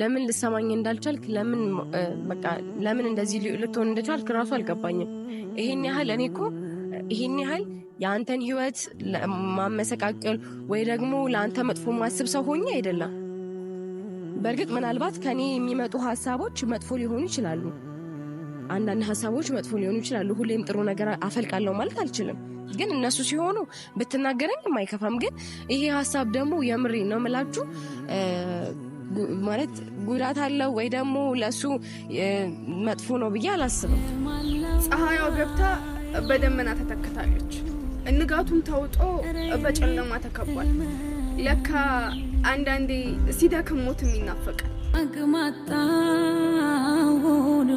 ለምን ልሰማኝ እንዳልቻልክ ለምን በቃ ለምን እንደዚህ ልትሆን እንደቻልክ ራሱ አልገባኝም። ይሄን ያህል እኔ እኮ ይሄን ያህል የአንተን ህይወት ማመሰቃቀል ወይ ደግሞ ለአንተ መጥፎ ማስብ ሰው ሆኜ አይደለም። በእርግጥ ምናልባት ከኔ የሚመጡ ሀሳቦች መጥፎ ሊሆኑ ይችላሉ። አንዳንድ ሀሳቦች መጥፎ ሊሆኑ ይችላሉ። ሁሌም ጥሩ ነገር አፈልቃለሁ ማለት አልችልም። ግን እነሱ ሲሆኑ ብትናገረኝ የማይከፋም። ግን ይሄ ሀሳብ ደግሞ የምሬ ነው ምላችሁ? ማለት ጉዳት አለው ወይ ደግሞ ለእሱ መጥፎ ነው ብዬ አላስብም። ፀሐይዋ ገብታ በደመና ተተክታለች። ንጋቱም ተውጦ በጨለማ ተከቧል። ለካ አንዳንዴ ሲደክም ሞትም ይናፈቃል። አቅማጣውን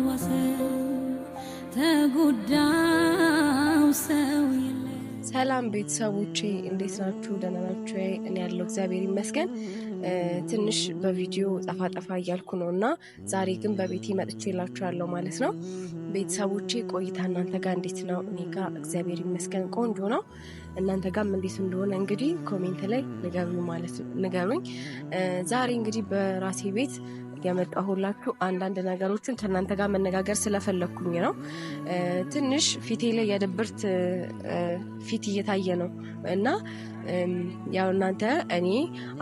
ተጎዳው ሰው የለ ሰላም ቤተሰቦቼ እንዴት ናችሁ? ደህና ናችሁ? እኔ ያለው እግዚአብሔር ይመስገን። ትንሽ በቪዲዮ ጠፋጠፋ እያልኩ ነው እና ዛሬ ግን በቤቴ መጥቼ እላችኋለሁ ማለት ነው። ቤተሰቦቼ ቆይታ እናንተ ጋር እንዴት ነው? እኔ ጋር እግዚአብሔር ይመስገን ቆንጆ ነው። እናንተ ጋርም እንዴት እንደሆነ እንግዲህ ኮሜንት ላይ ንገሩኝ ማለት ንገሩኝ። ዛሬ እንግዲህ በራሴ ቤት የመጣሁላችሁ አንዳንድ ነገሮችን ከእናንተ ጋር መነጋገር ስለፈለግኩኝ ነው። ትንሽ ፊቴ ላይ የድብርት ፊት እየታየ ነው እና ያው እናንተ እኔ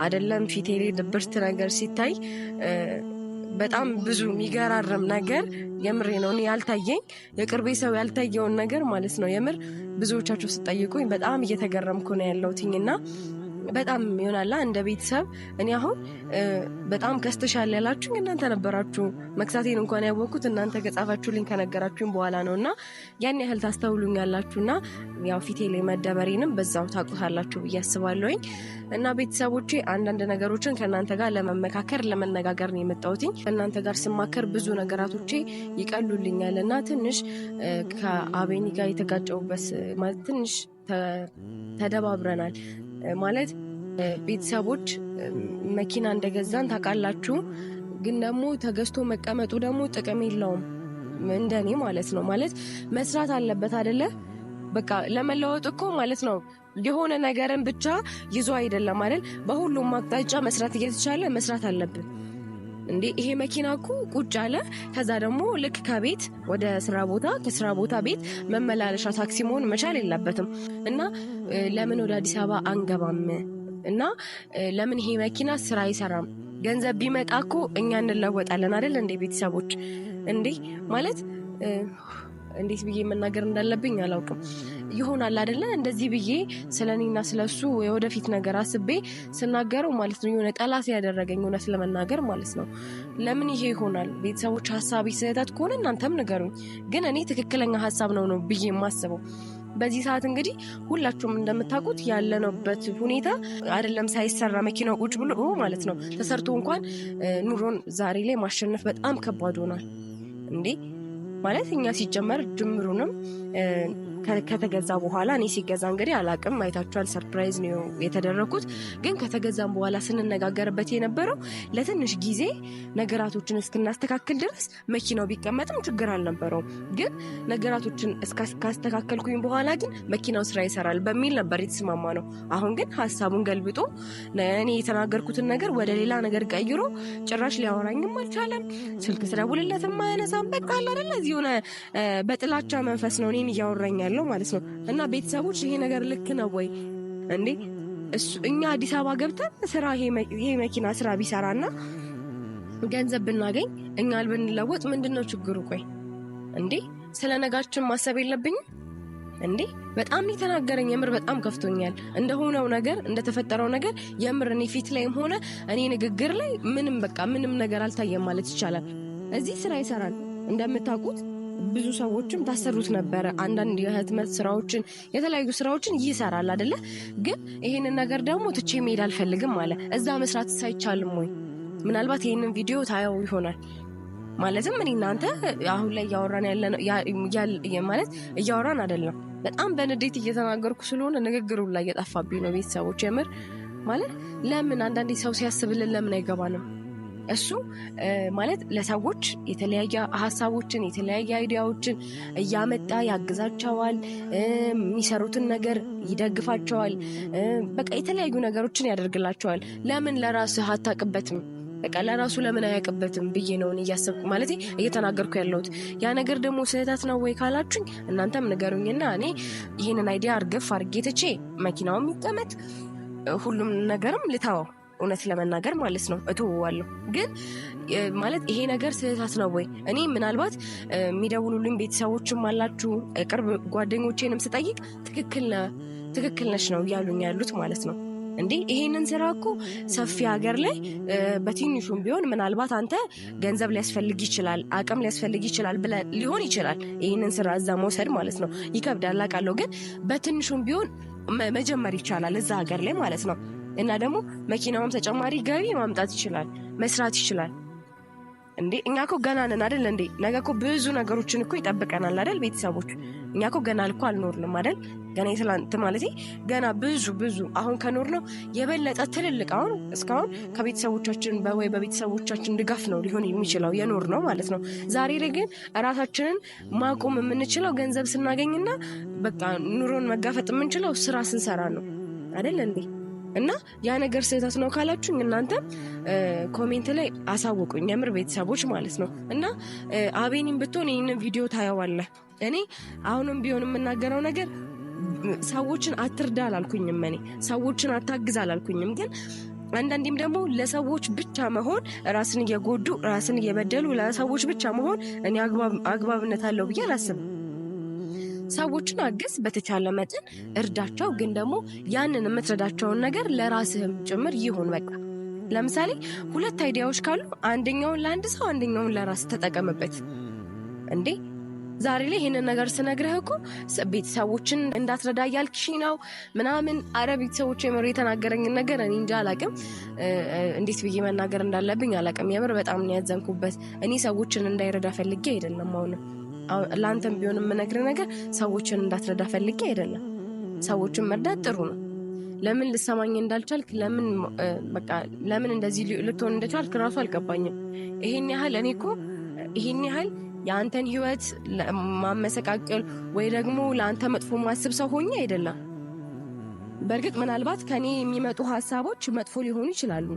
አይደለም ፊቴ ላይ ድብርት ነገር ሲታይ በጣም ብዙ የሚገራርም ነገር የምሬ ነው እኔ ያልታየኝ የቅርቤ ሰው ያልታየውን ነገር ማለት ነው። የምር ብዙዎቻችሁ ስጠይቁኝ በጣም እየተገረምኩ ነው ያለውትኝና። በጣም ይሆናላ እንደ ቤተሰብ እኔ አሁን በጣም ከስተሻል ያላችሁ እናንተ ነበራችሁ። መክሳቴን እንኳን ያወቅኩት እናንተ ከጻፋችሁልኝ ከነገራችሁኝ በኋላ ነው እና ያን ያህል ታስተውሉኛላችሁና ያው ፊቴ ላይ መደበሬንም በዛው ታቁታላችሁ ብዬ አስባለሁኝ። እና ቤተሰቦቼ አንዳንድ ነገሮችን ከእናንተ ጋር ለመመካከር ለመነጋገር ነው የመጣሁትኝ። ከእናንተ ጋር ስማከር ብዙ ነገራቶቼ ይቀሉልኛል እና ትንሽ ከአቤኒ ጋር የተጋጨውበት ማለት ትንሽ ተደባብረናል ማለት ቤተሰቦች መኪና እንደገዛን ታውቃላችሁ፣ ግን ደግሞ ተገዝቶ መቀመጡ ደግሞ ጥቅም የለውም እንደኔ ማለት ነው። ማለት መስራት አለበት አደለ? በቃ ለመለወጥ እኮ ማለት ነው የሆነ ነገርን ብቻ ይዞ አይደለም አይደል? በሁሉም አቅጣጫ መስራት እየተቻለ መስራት አለብን። እንዴ ይሄ መኪና እኮ ቁጭ አለ። ከዛ ደግሞ ልክ ከቤት ወደ ስራ ቦታ፣ ከስራ ቦታ ቤት መመላለሻ ታክሲ መሆን መቻል የለበትም እና ለምን ወደ አዲስ አበባ አንገባም እና ለምን ይሄ መኪና ስራ አይሰራም? ገንዘብ ቢመጣ እኮ እኛ እንለወጣለን አይደል? እንዴ ቤተሰቦች እንዴ ማለት እንዴት ብዬ መናገር እንዳለብኝ አላውቅም። ይሆናል አይደለ? እንደዚህ ብዬ ስለ እኔና ስለ እሱ የወደፊት ነገር አስቤ ስናገረው ማለት ነው የሆነ ጠላት ያደረገኝ እውነት ለመናገር ማለት ነው። ለምን ይሄ ይሆናል? ቤተሰቦች ሀሳብ ስህተት ከሆነ እናንተም ንገሩኝ። ግን እኔ ትክክለኛ ሀሳብ ነው ነው ብዬ የማስበው በዚህ ሰዓት እንግዲህ ሁላችሁም እንደምታውቁት ያለንበት ሁኔታ አይደለም ሳይሰራ መኪናው ቁጭ ብሎ ማለት ነው ተሰርቶ እንኳን ኑሮን ዛሬ ላይ ማሸነፍ በጣም ከባድ ሆኗል እንዴ ማለት እኛ ሲጀመር ጅምሩንም ከተገዛ በኋላ እኔ ሲገዛ እንግዲህ አላቅም አይታችኋል። ሰርፕራይዝ ነው የተደረግኩት። ግን ከተገዛም በኋላ ስንነጋገርበት የነበረው ለትንሽ ጊዜ ነገራቶችን እስክናስተካክል ድረስ መኪናው ቢቀመጥም ችግር አልነበረውም። ግን ነገራቶችን ካስተካከልኩኝ በኋላ ግን መኪናው ስራ ይሰራል በሚል ነበር የተስማማ ነው። አሁን ግን ሀሳቡን ገልብጦ እኔ የተናገርኩትን ነገር ወደ ሌላ ነገር ቀይሮ ጭራሽ ሊያወራኝም አልቻለም። ስልክ ስደውልለትም አያነሳም። በቃ አለ እንደዚህ የሆነ በጥላቻ መንፈስ ነው እኔን እያወራኝ ያለው ማለት ነው። እና ቤተሰቦች ይሄ ነገር ልክ ነው ወይ እንዴ? እኛ አዲስ አበባ ገብተን ስራ ይሄ መኪና ስራ ቢሰራና ገንዘብ ብናገኝ እኛ ብንለወጥ ምንድን ነው ችግሩ? ቆይ እንዴ ስለ ነጋችን ማሰብ የለብኝም እንዴ? በጣም የተናገረኝ የምር በጣም ከፍቶኛል። እንደሆነው ነገር እንደተፈጠረው ነገር የምር እኔ ፊት ላይም ሆነ እኔ ንግግር ላይ ምንም በቃ ምንም ነገር አልታየም ማለት ይቻላል። እዚህ ስራ ይሰራል እንደምታውቁት ብዙ ሰዎችም ታሰሩት ነበረ። አንዳንድ የህትመት ስራዎችን የተለያዩ ስራዎችን ይሰራል አደለ? ግን ይሄንን ነገር ደግሞ ትቼ መሄድ አልፈልግም አለ። እዛ መስራት ሳይቻልም ወይ ምናልባት ይህንን ቪዲዮ ታየው ይሆናል ማለትም እኔ እናንተ አሁን ላይ እያወራን ያለ ማለት እያወራን አደለም። በጣም በንዴት እየተናገርኩ ስለሆነ ንግግሩ ላይ እየጠፋብኝ ነው። ቤተሰቦች የምር ማለት ለምን አንዳንዴ ሰው ሲያስብልን ለምን አይገባንም? እሱ ማለት ለሰዎች የተለያየ ሀሳቦችን የተለያየ አይዲያዎችን እያመጣ ያግዛቸዋል። የሚሰሩትን ነገር ይደግፋቸዋል። በቃ የተለያዩ ነገሮችን ያደርግላቸዋል። ለምን ለራስ አታቅበትም? በቃ ለራሱ ለምን አያቅበትም ብዬ ነውን እያሰብኩ ማለት እየተናገርኩ ያለሁት። ያ ነገር ደግሞ ስህተት ነው ወይ ካላችሁኝ እናንተም ንገሩኝና እኔ ይህንን አይዲያ እርግፍ አድርጌ ትቼ መኪናውም ይቀመጥ ሁሉም ነገርም ልታወው እውነት ለመናገር ማለት ነው እትውዋለሁ። ግን ማለት ይሄ ነገር ስህተት ነው ወይ? እኔ ምናልባት የሚደውሉልኝ ቤተሰቦችም አላችሁ ቅርብ ጓደኞቼንም ስጠይቅ ትክክል ነሽ ነው እያሉኝ ያሉት ማለት ነው። እንዴ ይሄንን ስራ እኮ ሰፊ ሀገር ላይ በትንሹም ቢሆን ምናልባት አንተ ገንዘብ ሊያስፈልግ ይችላል፣ አቅም ሊያስፈልግ ይችላል ብለ ሊሆን ይችላል ይህንን ስራ እዛ መውሰድ ማለት ነው። ይከብዳል አውቃለሁ፣ ግን በትንሹም ቢሆን መጀመር ይቻላል እዛ ሀገር ላይ ማለት ነው። እና ደግሞ መኪናውም ተጨማሪ ገቢ ማምጣት ይችላል፣ መስራት ይችላል። እንዴ እኛ ኮ ገና ነን አደል? እንዴ ነገ ኮ ብዙ ነገሮችን እኮ ይጠብቀናል አደል? ቤተሰቦች እኛ ኮ ገና ልኮ አልኖርንም አደል? ገና የትላንት ማለት ገና ብዙ ብዙ አሁን ከኖር ነው የበለጠ ትልልቅ አሁን እስካሁን ከቤተሰቦቻችን ወይ በቤተሰቦቻችን ድጋፍ ነው ሊሆን የሚችለው የኖር ነው ማለት ነው። ዛሬ ላይ ግን እራሳችንን ማቆም የምንችለው ገንዘብ ስናገኝና በቃ ኑሮን መጋፈጥ የምንችለው ስራ ስንሰራ ነው አደል እንዴ? እና ያ ነገር ስህተት ነው ካላችሁ እናንተ ኮሜንት ላይ አሳውቁኝ። የምር ቤተሰቦች ማለት ነው እና አቤኒም ብትሆን ይህንን ቪዲዮ ታየዋለ እኔ አሁንም ቢሆን የምናገረው ነገር ሰዎችን አትርዳ አላልኩኝም። እኔ ሰዎችን አታግዝ አላልኩኝም ግን አንዳንዴም ደግሞ ለሰዎች ብቻ መሆን ራስን እየጎዱ ራስን እየበደሉ ለሰዎች ብቻ መሆን እኔ አግባብነት አለው ብዬ አላስብም። ሰዎችን አግዝ፣ በተቻለ መጠን እርዳቸው። ግን ደግሞ ያንን የምትረዳቸውን ነገር ለራስህም ጭምር ይሁን። በቃ ለምሳሌ ሁለት አይዲያዎች ካሉ አንደኛውን ለአንድ ሰው፣ አንደኛውን ለራስ ተጠቀምበት። እንዴ ዛሬ ላይ ይህንን ነገር ስነግረህ እኮ ቤተሰቦችን እንዳትረዳ እያልክሽ ነው ምናምን። አረ ቤተሰቦች የምር የተናገረኝን ነገር እኔ እንጃ አላቅም፣ እንዴት ብዬ መናገር እንዳለብኝ አላቅም። የምር በጣም ነው ያዘንኩበት። እኔ ሰዎችን እንዳይረዳ ፈልጌ አይደለም አሁንም ለአንተም ቢሆን የምነግር ነገር ሰዎችን እንዳትረዳ ፈልጌ አይደለም። ሰዎችን መርዳት ጥሩ ነው። ለምን ልሰማኝ እንዳልቻልክ ለምን በቃ ለምን እንደዚህ ልትሆን እንደቻልክ ራሱ አልገባኝም። ይሄን ያህል እኔ እኮ ይሄን ያህል የአንተን ህይወት ማመሰቃቀል ወይ ደግሞ ለአንተ መጥፎ ማስብ ሰው ሆኜ አይደለም። በእርግጥ ምናልባት ከኔ የሚመጡ ሀሳቦች መጥፎ ሊሆኑ ይችላሉ።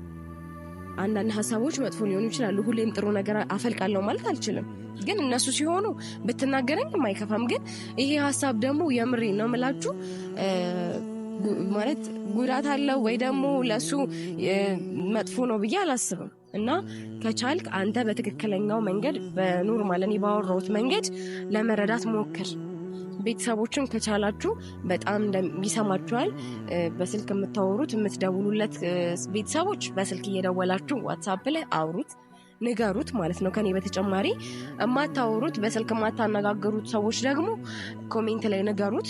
አንዳንድ ሀሳቦች መጥፎ ሊሆኑ ይችላሉ። ሁሌም ጥሩ ነገር አፈልቃለሁ ማለት አልችልም። ግን እነሱ ሲሆኑ ብትናገረኝ የማይከፋም። ግን ይሄ ሀሳብ ደግሞ የምሬ ነው ምላችሁ ማለት ጉዳት አለው ወይ ደግሞ ለእሱ መጥፎ ነው ብዬ አላስብም። እና ከቻልክ አንተ በትክክለኛው መንገድ በኖርማል እኔ ባወራሁት መንገድ ለመረዳት ሞክር። ቤተሰቦችም ከቻላችሁ በጣም ይሰማችኋል። በስልክ የምታወሩት የምትደውሉለት ቤተሰቦች በስልክ እየደወላችሁ ዋትሳፕ ላይ አውሩት፣ ንገሩት ማለት ነው። ከኔ በተጨማሪ የማታወሩት በስልክ የማታነጋገሩት ሰዎች ደግሞ ኮሜንት ላይ ንገሩት።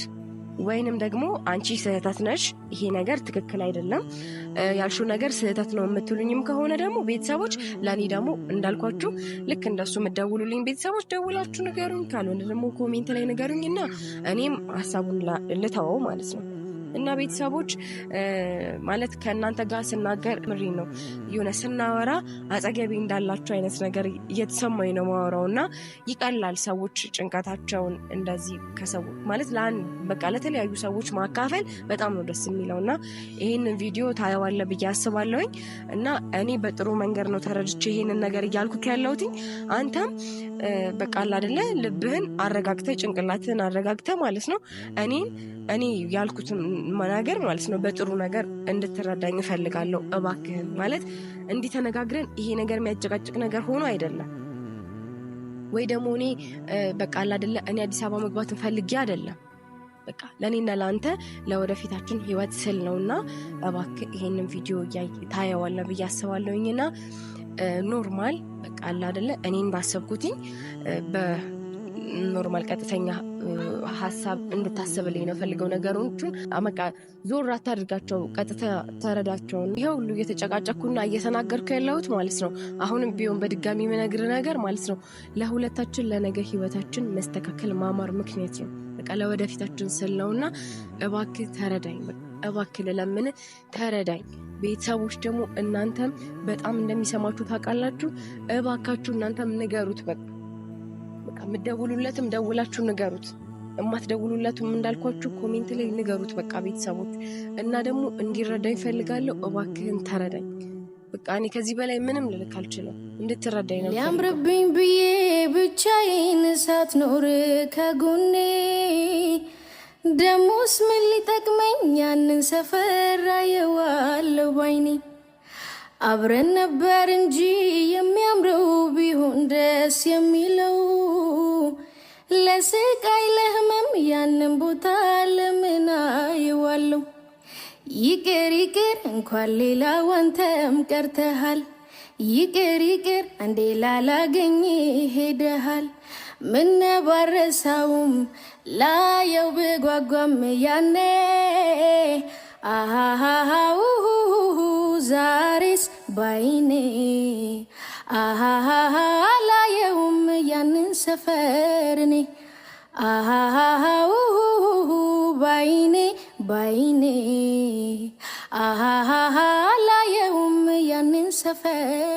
ወይንም ደግሞ አንቺ ስህተት ነሽ፣ ይሄ ነገር ትክክል አይደለም፣ ያልሹ ነገር ስህተት ነው የምትሉኝም ከሆነ ደግሞ ቤተሰቦች ለእኔ ደግሞ እንዳልኳችሁ ልክ እንደሱ የምደውሉልኝ ቤተሰቦች ደውላችሁ ንገሩኝ፣ ካልሆነ ደግሞ ኮሜንት ላይ ንገሩኝ እኔም ሀሳቡን ልተወው ማለት ነው። እና ቤተሰቦች ማለት ከእናንተ ጋር ስናገር ምሪ ነው የሆነ ስናወራ አጸገቢ እንዳላቸው አይነት ነገር እየተሰማኝ ነው ማወራው እና ይቀላል። ሰዎች ጭንቀታቸውን እንደዚህ ከሰው ማለት ለአንድ በቃ ለተለያዩ ሰዎች ማካፈል በጣም ነው ደስ የሚለው እና ይህንን ቪዲዮ ታየዋለ ብዬ አስባለሁኝ እና እኔ በጥሩ መንገድ ነው ተረድቼ ይህንን ነገር እያልኩ ያለሁትኝ አንተም በቃ አደለ ልብህን አረጋግተ ጭንቅላትህን አረጋግተ ማለት ነው እኔን እኔ ያልኩትን መናገር ማለት ነው በጥሩ ነገር እንድትረዳኝ እፈልጋለሁ። እባክህን ማለት እንዲህ ተነጋግረን ይሄ ነገር የሚያጨቃጭቅ ነገር ሆኖ አይደለም ወይ ደግሞ እኔ በቃ አላደለ እኔ አዲስ አበባ መግባትን ፈልጌ አይደለም። በቃ ለእኔና ለአንተ ለወደፊታችን ህይወት ስል ነው እና እባክ ይሄንን ቪዲዮ ታየዋለ ብዬ አስባለሁኝና ኖርማል በቃ አላደለ እኔን ባሰብኩትኝ ኖርማል ቀጥተኛ ሀሳብ እንድታስብልኝ ነው ፈልገው ነገሮቹን አመቃ ዞር አታድርጋቸው፣ ቀጥታ ተረዳቸውን። ይሄ ሁሉ እየተጨቃጨኩና እየተናገርኩ ያለሁት ማለት ነው። አሁንም ቢሆን በድጋሚ የምነግር ነገር ማለት ነው ለሁለታችን ለነገ ህይወታችን መስተካከል ማማር ምክንያት ነው። በቃ ለወደፊታችን ስል ነው እና እባክ ተረዳኝ፣ እባክ ልለምን ተረዳኝ። ቤተሰቦች ደግሞ እናንተም በጣም እንደሚሰማችሁ ታውቃላችሁ። እባካችሁ እናንተም ንገሩት በቃ ከምደውሉለትም ደውላችሁ ንገሩት። እማትደውሉለትም እንዳልኳችሁ ኮሜንት ላይ ንገሩት። በቃ ቤተሰቦች እና ደግሞ እንዲረዳኝ ይፈልጋለሁ እባክህን ተረዳኝ። በቃ እኔ ከዚህ በላይ ምንም ልልክ አልችልም። እንድትረዳኝ ነው። ሊያምርብኝ ብዬ ብቻዬን ሳትኖር ከጎኔ ደሞስ ምን ሊጠቅመኝ? ያንን ሰፈር አየዋለሁ ባይኔ። አብረን ነበር እንጂ የሚያምረው ቢሆን ደስ የሚለው ለስቃይ ለህመም ያንን ቦታ ለምን አይዋለሁ? ይቅር ይቅር እንኳን ሌላ ዋንተም ቀርተሃል። ይቅር ይቅር አንዴ ላላገኝ ሄደሃል። ምነባረሳውም ላየው ብጓጓም ያኔ አሃሃ ዛሬስ ባይኔ ሰፈር እኔ ባይኔ ባይኔ አሃሃሃ ላየውም ያንን ሰፈር